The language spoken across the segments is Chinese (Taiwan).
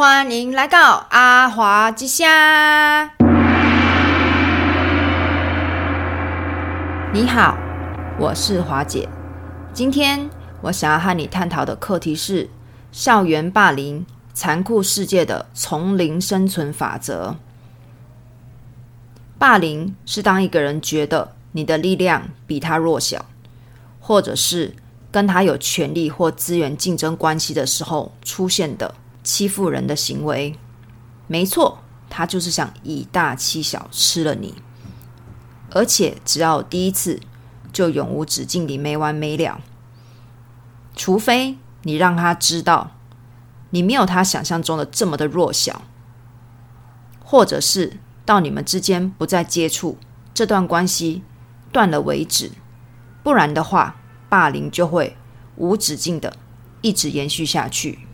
歡迎來到阿華之夏。你好，我是華姐。今天我想要和你探討的課題是校園霸凌——殘酷世界的叢林生存法則。霸凌是當一個人覺得你的力量比他弱小，或者是跟他有權力或資源競爭關係的時候出現的。欺負人的行為，沒錯，他就是想以大欺小，吃了你。而且只要第一次，就永無止境的沒完沒了。除非你讓他知道，你沒有他想象中的這麼的弱小，或者是到你們之間不再接觸，這段關係斷了為止。不然的話，霸凌就會無止境的一直延續下去。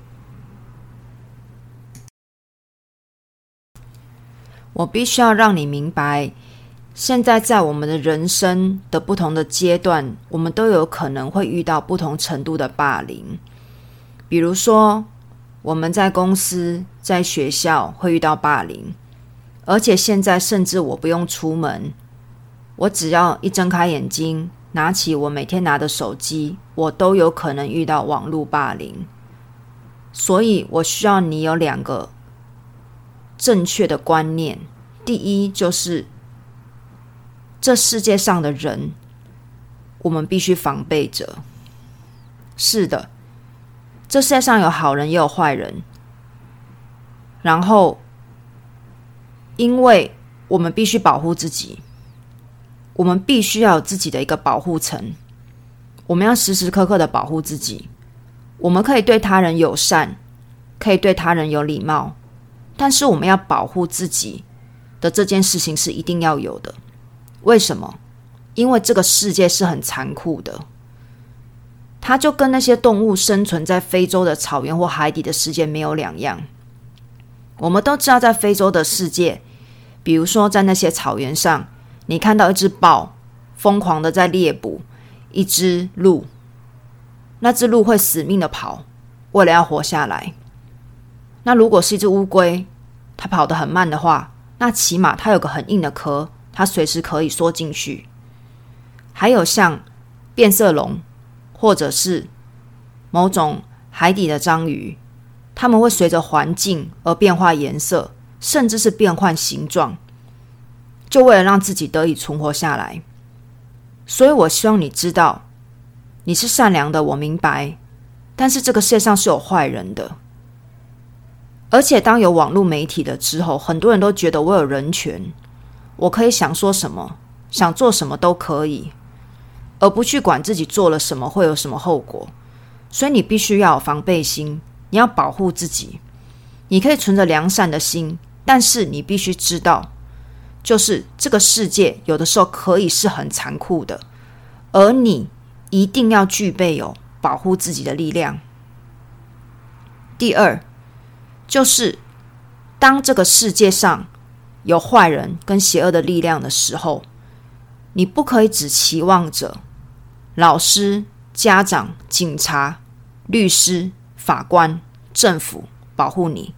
我必須要讓你明白，現在在我們的人生的不同的階段，我們都有可能會遇到不同程度的霸凌。比如說，我們在公司、在學校會遇到霸凌，而且現在甚至我不用出門，我只要一睜開眼睛，拿起我每天拿的手機，我都有可能遇到網絡霸凌。所以我需要你有兩個。正確的觀念，第一就是這世界上的人，我們必須防備着。是的，這世界上有好人也有壞人。然後，因為我們必須保護自己，我們必須要有自己的一個保護層。我們要時時刻刻的保護自己。我們可以對他人友善，可以對他人有禮貌。但是我們要保護自己的這件事情是一定要有的。為什麼？因為這個世界是很殘酷的，它就跟那些動物生存在非洲的草原或海底的世界沒有兩樣。我們都知道，在非洲的世界，比如說在那些草原上，你看到一隻豹瘋狂的在獵捕一隻鹿，那隻鹿會死命的跑，為了要活下來。那如果是一隻烏龜，它跑得很慢的話，那起碼它有個很硬的殼，它隨時可以縮進去。還有像變色龍，或者是某種海底的章魚，它們會隨着環境而變化顏色，甚至是變換形狀，就為了讓自己得以存活下來。所以我希望你知道，你是善良的，我明白，但是這個世界上是有壞人的。而且，當有網絡媒體了之後，很多人都覺得我有人權，我可以想說什麼、想做什麼都可以，而不去管自己做了什麼會有什麼後果。所以，你必須要有防備心，你要保護自己。你可以存着良善的心，但是你必須知道，就是這個世界有的時候可以是很殘酷的，而你一定要具備有保護自己的力量。第二。就是，當這個世界上有壞人跟邪惡的力量的時候，你不可以只期望着老師、家長、警察、律師、法官、政府保護你，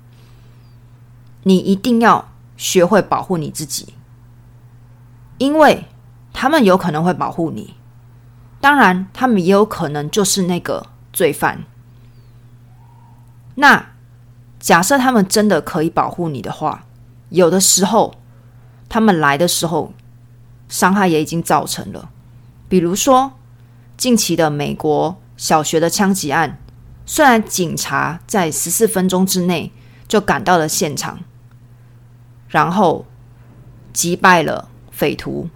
你一定要學會保護你自己，因為他們有可能會保護你，當然，他們也有可能就是那個罪犯。那。假設他們真的可以保護你的話，有的時候，他們來的時候，傷害也已經造成了。比如說，近期的美國小學的槍擊案，雖然警察在十四分鐘之內就趕到了現場，然後擊敗了匪徒，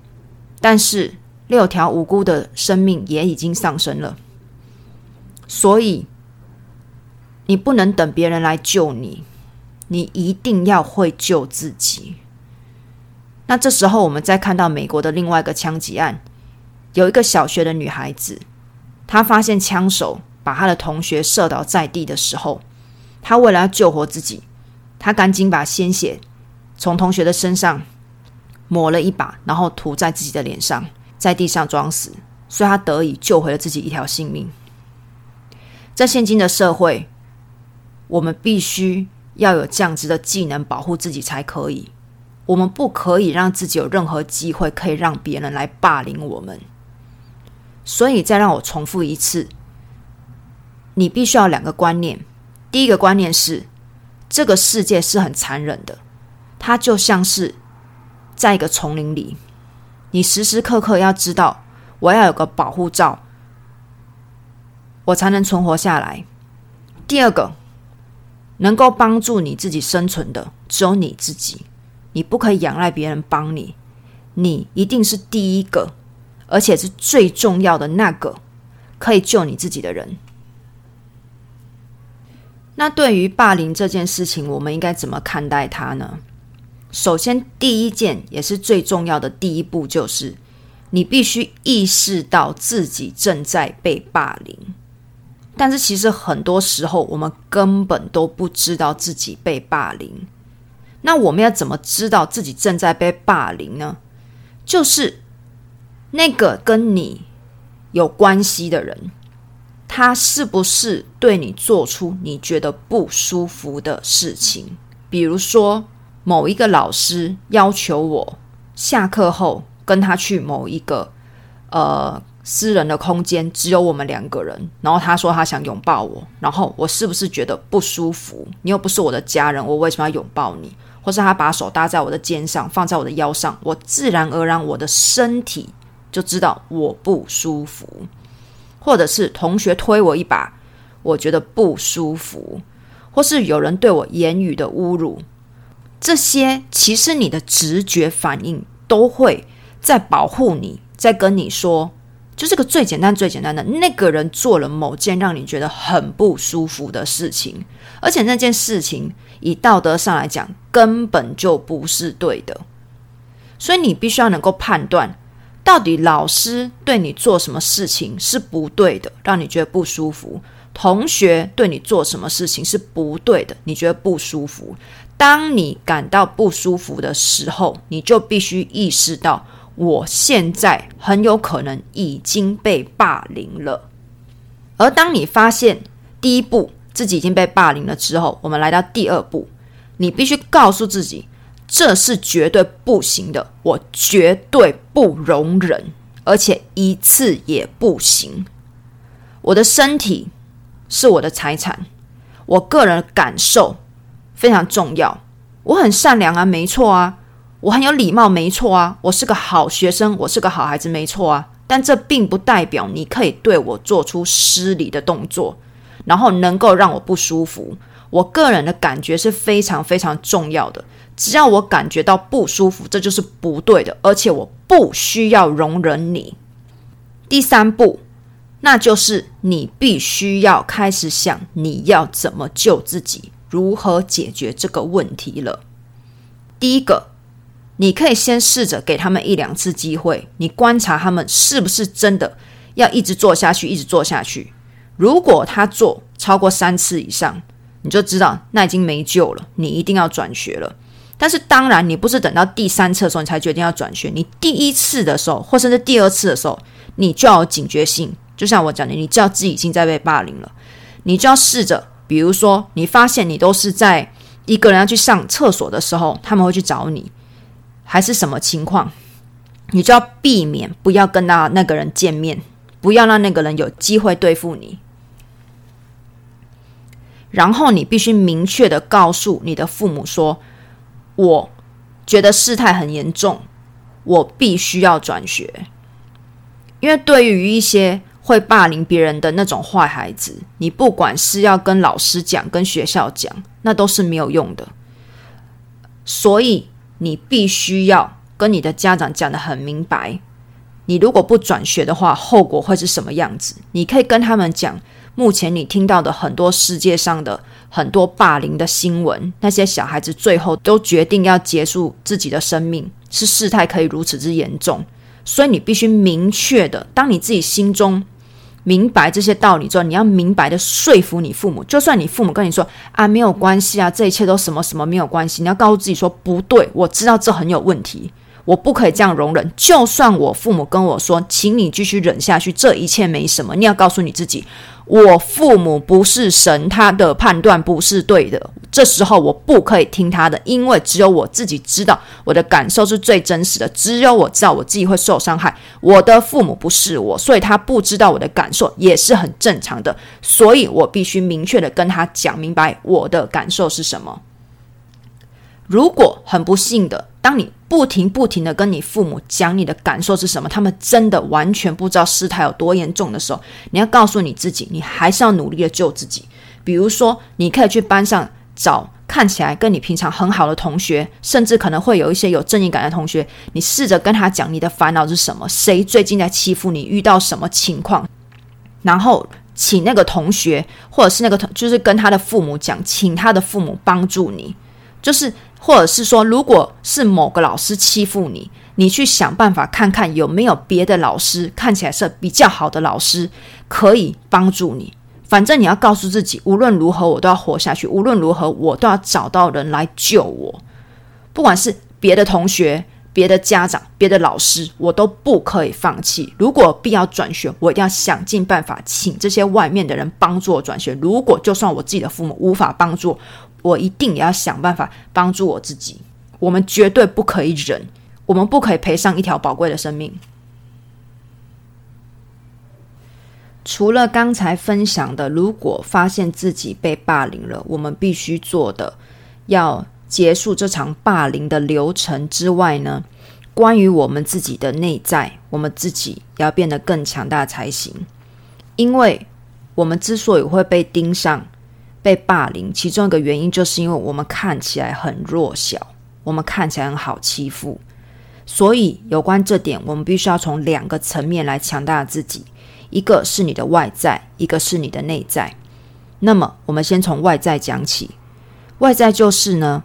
但是六條無辜的生命也已經喪生了。所以。你不能等別人來救你，你一定要會救自己。那這時候，我們再看到美國的另外一個槍擊案，有一個小學的女孩子，她發現槍手把她的同學射倒在地的時候，她為了要救活自己，她趕緊把鮮血從同學的身上抹了一把，然後塗在自己的臉上，在地上裝死，所以她得以救回了自己一條性命。在現今的社會。我們必須要有這樣子的技能保護自己才可以。我們不可以讓自己有任何機會可以讓別人來霸凌我們。所以，再讓我重複一次，你必須要兩個觀念。第一個觀念是，這個世界是很殘忍的，它就像是在一個叢林裡，你時時刻刻要知道我要有個保護罩，我才能存活下來。第二個。能夠幫助你自己生存的只有你自己，你不可以仰賴別人幫你，你一定是第一個，而且是最重要的那個可以救你自己的人。那對於霸凌這件事情，我們應該怎麼看待它呢？首先，第一件也是最重要的第一步，就是你必須意識到自己正在被霸凌。但是其實很多時候，我們根本都不知道自己被霸凌。那我們要怎麼知道自己正在被霸凌呢？就是那個跟你有關係的人，他是不是對你做出你覺得不舒服的事情？比如說，某一個老師要求我下課後跟他去某一個呃。私人的空間，只有我們兩個人，然後他說他想擁抱我，然後我是不是覺得不舒服？你又不是我的家人，我為什麼要擁抱你？或是他把手搭在我的肩上，放在我的腰上，我自然而然我的身體就知道我不舒服。或者是同學推我一把，我覺得不舒服。或是有人對我言語的侮辱，這些其實你的直覺反應都會在保護你，在跟你說。就是個最簡單、最簡單的那個人做了某件讓你覺得很不舒服的事情，而且那件事情以道德上來講根本就不是對的，所以你必須要能夠判斷，到底老師對你做什麼事情是不對的，讓你覺得不舒服；同學對你做什麼事情是不對的，你覺得不舒服。當你感到不舒服的時候，你就必須意識到。我現在很有可能已經被霸凌了，而當你發現第一步自己已經被霸凌了之後，我們來到第二步，你必須告訴自己，這是絕對不行的，我絕對不容忍，而且一次也不行。我的身體是我的財產，我個人的感受非常重要。我很善良啊，沒錯啊。我很有禮貌，沒錯啊。我是個好學生，我是個好孩子，沒錯啊。但這並不代表你可以對我做出失禮的動作，然後能夠讓我不舒服。我個人的感覺是非常非常重要的。只要我感覺到不舒服，這就是不對的，而且我不需要容忍你。第三步，那就是你必須要開始想你要怎麼救自己，如何解決這個問題了。第一個。你可以先試着給他們一兩次機會，你觀察他們是不是真的要一直做下去，一直做下去。如果他做超過三次以上，你就知道那已經沒救了，你一定要轉學了。但是當然，你不是等到第三次的時候你才決定要轉學，你第一次的時候，或甚至第二次的時候，你就要有警覺性。就像我講的，你就要自己已經在被霸凌了，你就要試着，比如說，你發現你都是在一個人要去上廁所的時候，他們會去找你。還是什麼情況，你就要避免不要跟那那個人見面，不要讓那個人有機會對付你。然後你必須明確的告訴你的父母說，我覺得事態很嚴重，我必須要轉學。因為對於一些會霸凌別人的那種壞孩子，你不管是要跟老師講、跟學校講，那都是沒有用的。所以。你必須要跟你的家長講得很明白，你如果不轉學的話，後果會是什麼樣子？你可以跟他們講，目前你聽到的很多世界上的很多霸凌的新聞，那些小孩子最後都決定要結束自己的生命，是事態可以如此之嚴重。所以你必須明確的，當你自己心中。明白這些道理之後，你要明白地說服你父母。就算你父母跟你說啊，沒有關係啊，這一切都什麼什麼沒有關係，你要告訴自己說不對，我知道這很有問題，我不可以這樣容忍。就算我父母跟我說，請你繼續忍下去，這一切沒什麼，你要告訴你自己。我父母不是神，他的判斷不是對的。這時候我不可以聽他的，因為只有我自己知道我的感受是最真實的。只有我知道我自己會受傷害。我的父母不是我，所以他不知道我的感受也是很正常的。所以我必須明確的跟他講明白我的感受是什麼。如果很不幸的。當你不停不停的跟你父母講你的感受是什麼，他們真的完全不知道事態有多嚴重的時候，你要告訴你自己，你還是要努力的救自己。比如說，你可以去班上找看起來跟你平常很好的同學，甚至可能會有一些有正義感的同學，你試着跟他講你的煩惱是什麼，誰最近在欺負你，遇到什麼情況，然後請那個同學，或者是那個同，就是跟他的父母講，請他的父母幫助你，就是。或者是說，如果是某個老師欺負你，你去想辦法看看有沒有別的老師看起來是比較好的老師可以幫助你。反正你要告訴自己，無論如何我都要活下去，無論如何我都要找到人來救我。不管是別的同學、別的家長、別的老師，我都不可以放棄。如果必要轉學，我一定要想盡辦法請這些外面的人幫助我轉學。如果就算我自己的父母無法幫助，我一定也要想辦法幫助我自己。我們絕對不可以忍，我們不可以賠上一條寶貴的生命。除了剛才分享的，如果發現自己被霸凌了，我們必須做的要結束這場霸凌的流程之外呢，關於我們自己的內在，我們自己要變得更強大才行。因為我們之所以會被盯上，被霸凌，其中一個原因就是因為我們看起來很弱小，我們看起來很好欺負。所以有關這點，我們必須要從兩個層面來強大自己：一個是你的外在，一個是你的內在。那麼，我們先從外在講起。外在就是呢，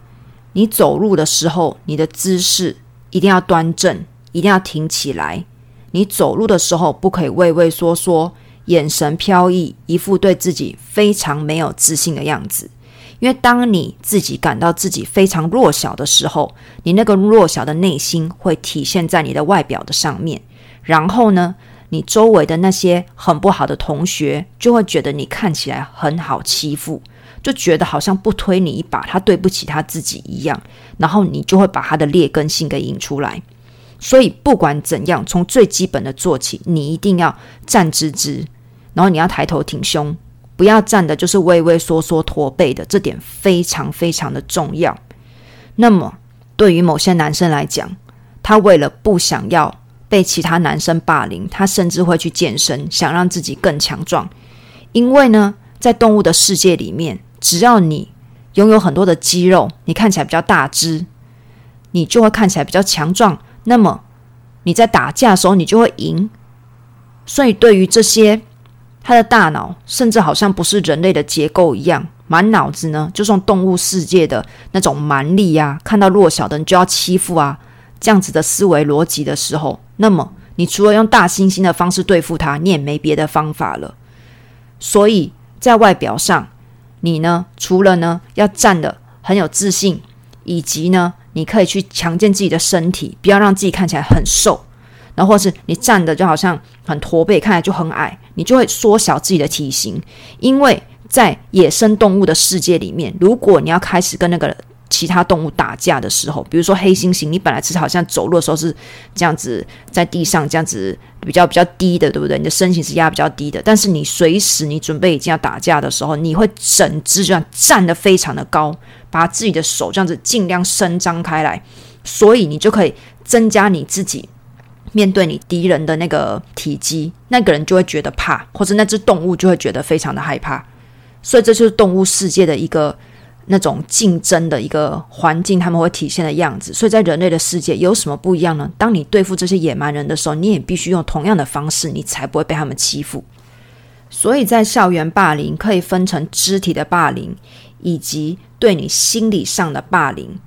你走路的時候，你的姿勢一定要端正，一定要挺起來。你走路的時候不可以畏畏縮縮。眼神飄逸，一副對自己非常沒有自信的樣子。因為當你自己感到自己非常弱小的時候，你那個弱小的內心會體現在你的外表的上面。然後呢，你周圍的那些很不好的同學就會覺得你看起來很好欺負，就覺得好像不推你一把，他對不起他自己一樣。然後你就會把他的劣根性給引出來。所以不管怎樣，從最基本的做起，你一定要站直直。然後你要抬頭挺胸，不要站的就是畏畏縮縮、駝背的，這點非常非常的重要。那麼，對於某些男生來講，他為了不想要被其他男生霸凌，他甚至會去健身，想讓自己更強壯。因為呢，在動物的世界裡面，只要你擁有很多的肌肉，你看起來比較大只，你就會看起來比較強壯。那麼你在打架的時候，你就會贏。所以，對於這些。他的大腦甚至好像不是人類的結構一樣，滿腦子呢，就從動物世界的那種蠻力啊，看到弱小的你就要欺負啊，這樣子的思維邏輯的時候，那麼你除了用大猩猩的方式對付他，你也沒別的方法了。所以在外表上，你呢，除了呢要站得很有自信，以及呢，你可以去強健自己的身體，不要讓自己看起來很瘦，然後或是你站得就好像很駝背，看起來就很矮。你就會縮小自己的體型，因為在野生動物的世界裡面，如果你要開始跟那個其他動物打架的時候，比如說黑猩猩，你本來其實好像走路的時候是這樣子在地上這樣子比較比較低的，對不對？你的身形是壓比較低的，但是你隨時你準備已經要打架的時候，你會整隻這樣站得非常的高，把自己的手這樣子盡量伸張開來，所以你就可以增加你自己。面對你敵人的那個體積，那個人就會覺得怕，或者那隻動物就會覺得非常的害怕，所以這就是動物世界的一個那種競爭的一個環境，他們會體現的樣子。所以在人類的世界有什麼不一樣呢？當你對付這些野蠻人的時候，你也必須用同樣的方式，你才不會被他們欺負。所以在校園霸凌可以分成肢體的霸凌，以及對你心理上的霸凌。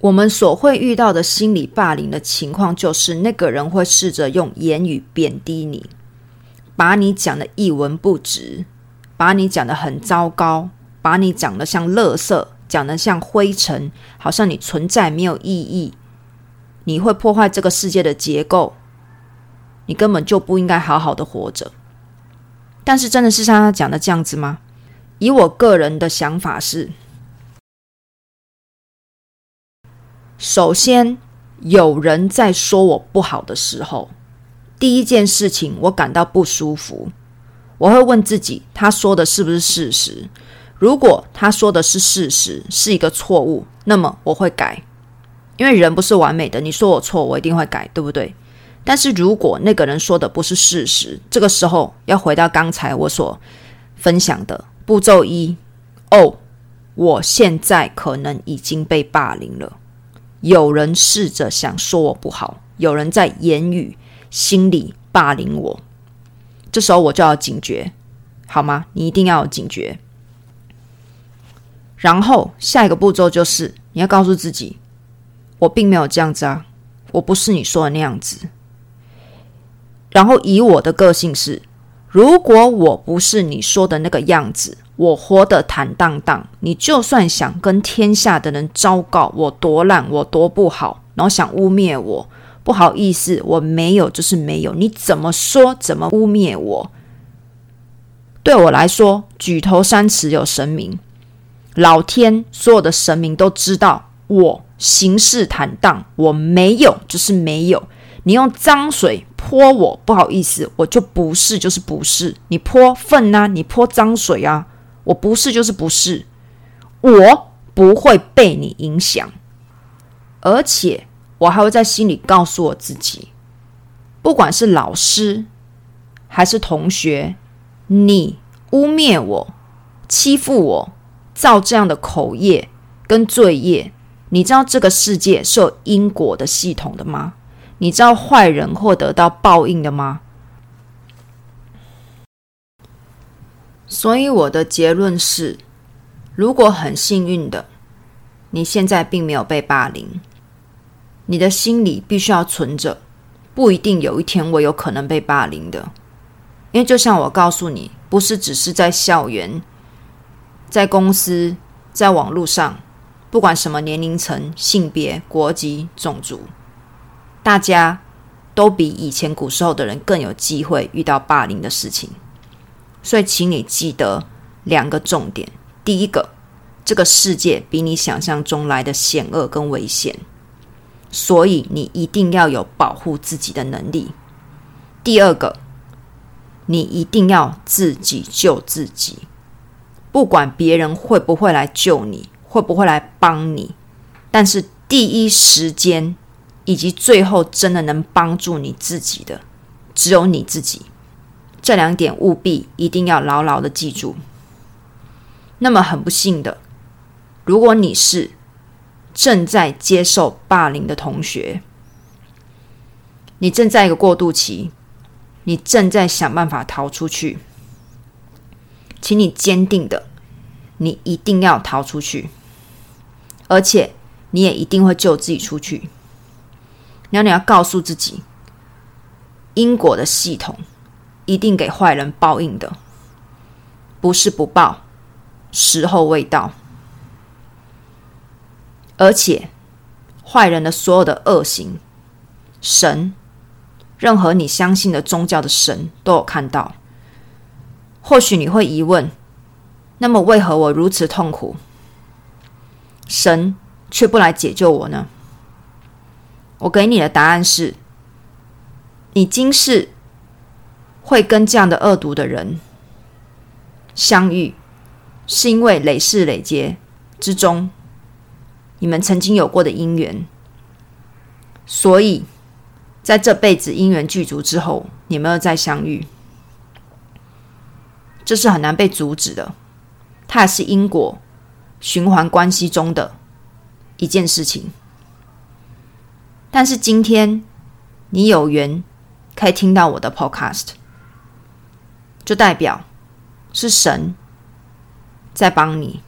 我們所會遇到的心理霸凌的情況，就是那個人會試着用言語貶低你，把你講得一文不值，把你講得很糟糕，把你講得像垃圾，講得像灰塵，好像你存在沒有意義，你會破壞這個世界的結構，你根本就不應該好好的活着。但是，真的是像他講的這樣子嗎？以我個人的想法是。首先，有人在說我不好的時候，第一件事情我感到不舒服。我會問自己，他說的是不是事實？如果他說的是事實，是一個錯誤，那麼我會改，因為人不是完美的。你說我錯，我一定會改，對不對？但是如果那個人說的不是事實，這個時候要回到剛才我所分享的步驟一，哦，我現在可能已經被霸凌了。有人試着想說我不好，有人在言語、心理霸凌我，這時候我就要警覺，好嗎？你一定要警覺。然後下一個步驟就是，你要告訴自己，我並沒有這樣子啊，我不是你說的那樣子。然後以我的個性是，如果我不是你說的那個樣子。我活得坦蕩蕩，你就算想跟天下的人昭告我多爛，我多不好，然後想汙衊我，不好意思，我沒有，就是沒有。你怎麼說，怎麼汙衊我？對我來說，舉頭三尺有神明，老天，所有的神明都知道我行事坦蕩，我沒有，就是沒有。你用髒水潑我，不好意思，我就不是，就是不是。你潑糞啊，你潑髒水啊。我不是，就是不是，我不會被你影響，而且我還會在心裡告訴我自己，不管是老師還是同學，你污蔑我、欺負我，造這樣的口業跟罪業，你知道這個世界是有因果的系統的嗎？你知道壞人會得到報應的嗎？所以我的結論是，如果很幸運的，你現在並沒有被霸凌，你的心裡必須要存着，不一定有一天我有可能被霸凌的，因為就像我告訴你，不是只是在校園、在公司、在網絡上，不管什麼年齡層、性別、國籍、種族，大家都比以前古時候的人更有機會遇到霸凌的事情。所以，請你記得兩個重點：第一個，這個世界比你想象中來的險惡跟危險，所以你一定要有保護自己的能力；第二個，你一定要自己救自己，不管別人會不會來救你，會不會來幫你，但是第一時間以及最後真的能幫助你自己的，只有你自己。這兩點務必一定要牢牢的記住。那麼很不幸的，如果你是正在接受霸凌的同學，你正在一個過渡期，你正在想辦法逃出去，請你堅定的，你一定要逃出去，而且你也一定會救自己出去。然後你要告訴自己，因果的系統。一定給壞人報應的，不是不報，時候未到。而且，壞人的所有的惡行，神，任何你相信的宗教的神都有看到。或許你會疑問，那麼為何我如此痛苦？神卻不來解救我呢？我給你的答案是，你今世。會跟這樣的惡毒的人相遇，是因為累世累劫之中，你們曾經有過的因緣，所以在這輩子因緣具足之後，你們又再相遇，這是很難被阻止的。它也是因果循環關係中的一件事情。但是今天你有緣可以聽到我的 podcast。就代表是神在幫你，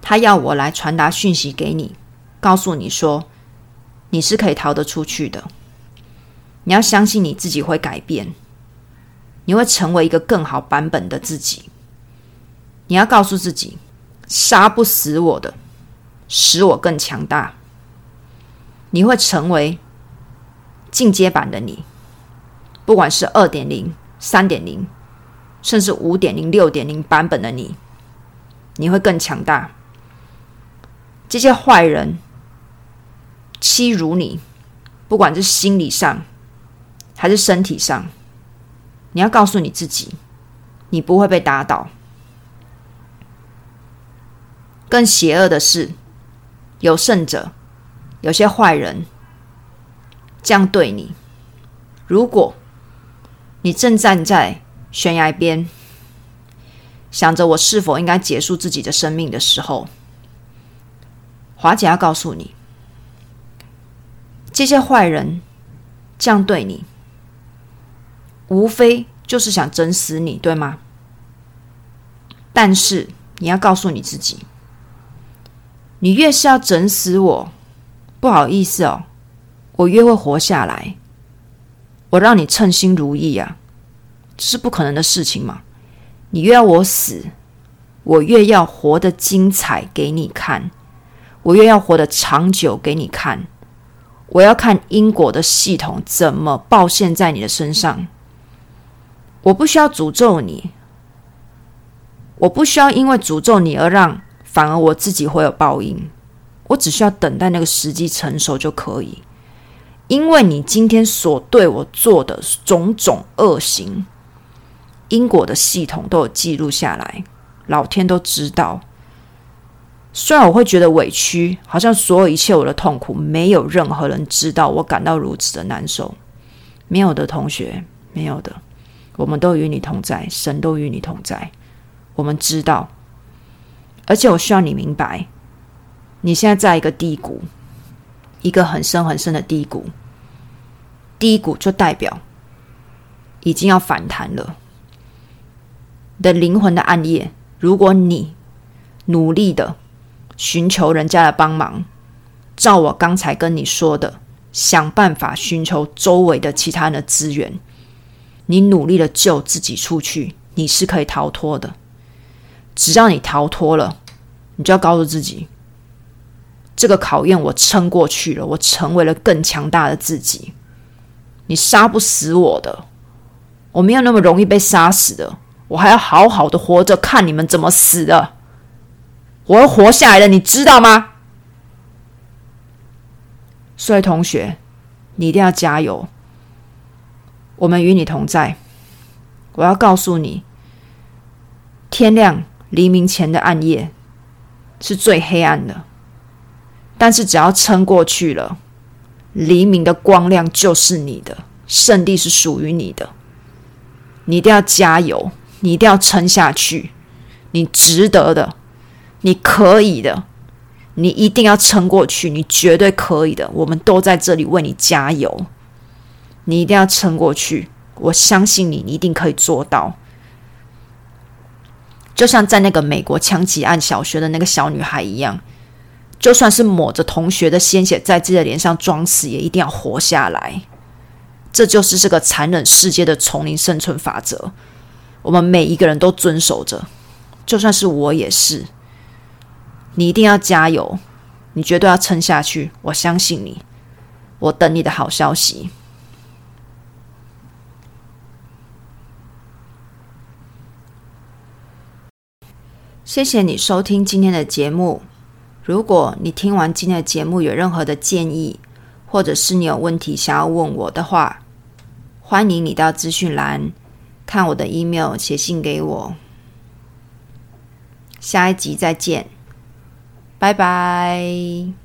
他要我來傳達訊息給你，告訴你說你是可以逃得出去的。你要相信你自己會改變，你會成為一個更好版本的自己。你要告訴自己，殺不死我的，使我更強大。你會成為進階版的你。不管是二點零、三點零，甚至五點零、六點零版本的你，你會更強大。這些壞人欺辱你，不管是心理上還是身體上，你要告訴你自己，你不會被打倒。更邪惡的是，有甚者，有些壞人這樣對你，如果。你正站在懸崖邊，想着我是否應該結束自己的生命的時候，華姐要告訴你，這些壞人這樣對你，無非就是想整死你，對嗎？但是你要告訴你自己，你越是要整死我，不好意思哦，我越會活下來。我讓你稱心如意啊，這是不可能的事情嘛！你越要我死，我越要活得精彩給你看；我越要活得長久給你看。我要看因果的系統怎麼報現在你的身上。我不需要詛咒你，我不需要因為詛咒你而讓反而我自己會有報應。我只需要等待那個時機成熟就可以。因為你今天所對我做的種種惡行，因果的系統都有記錄下來，老天都知道。雖然我會覺得委屈，好像所有一切我的痛苦沒有任何人知道，我感到如此的難受。沒有的同學，沒有的，我們都與你同在，神都與你同在。我們知道，而且我需要你明白，你現在在一個低谷，一個很深很深的低谷。低谷，就代表已經要反彈了。的靈魂的暗夜，如果你努力的尋求人家的幫忙，照我剛才跟你說的，想辦法尋求周圍的其他人的資源，你努力的救自己出去，你是可以逃脫的。只要你逃脫了，你就要告訴自己，這個考驗我撐過去了，我成為了更強大的自己。你殺不死我的，我沒有那麼容易被殺死的。我還要好好的活着，看你們怎麼死的。我會活下來的，你知道嗎？所以同學，你一定要加油。我們與你同在。我要告訴你，天亮、黎明前的暗夜是最黑暗的，但是只要撐過去了。黎明的光亮就是你的，聖地是屬於你的。你一定要加油，你一定要撐下去。你值得的，你可以的，你一定要撐過去，你絕對可以的。我們都在這裡為你加油。你一定要撐過去，我相信你，你一定可以做到。就像在那個美國槍擊案小學的那個小女孩一樣。就算是抹着同學的鮮血在自己的臉上裝死，也一定要活下來。這就是這個殘忍世界的叢林生存法則，我們每一個人都遵守着，就算是我也是。你一定要加油，你絕對要撐下去，我相信你，我等你的好消息。謝謝你收聽今天的節目。如果你聽完今天的節目有任何的建議，或者是你有問題想要問我的話，歡迎你到資訊欄看我的 email 寫信給我。下一集再見，拜拜。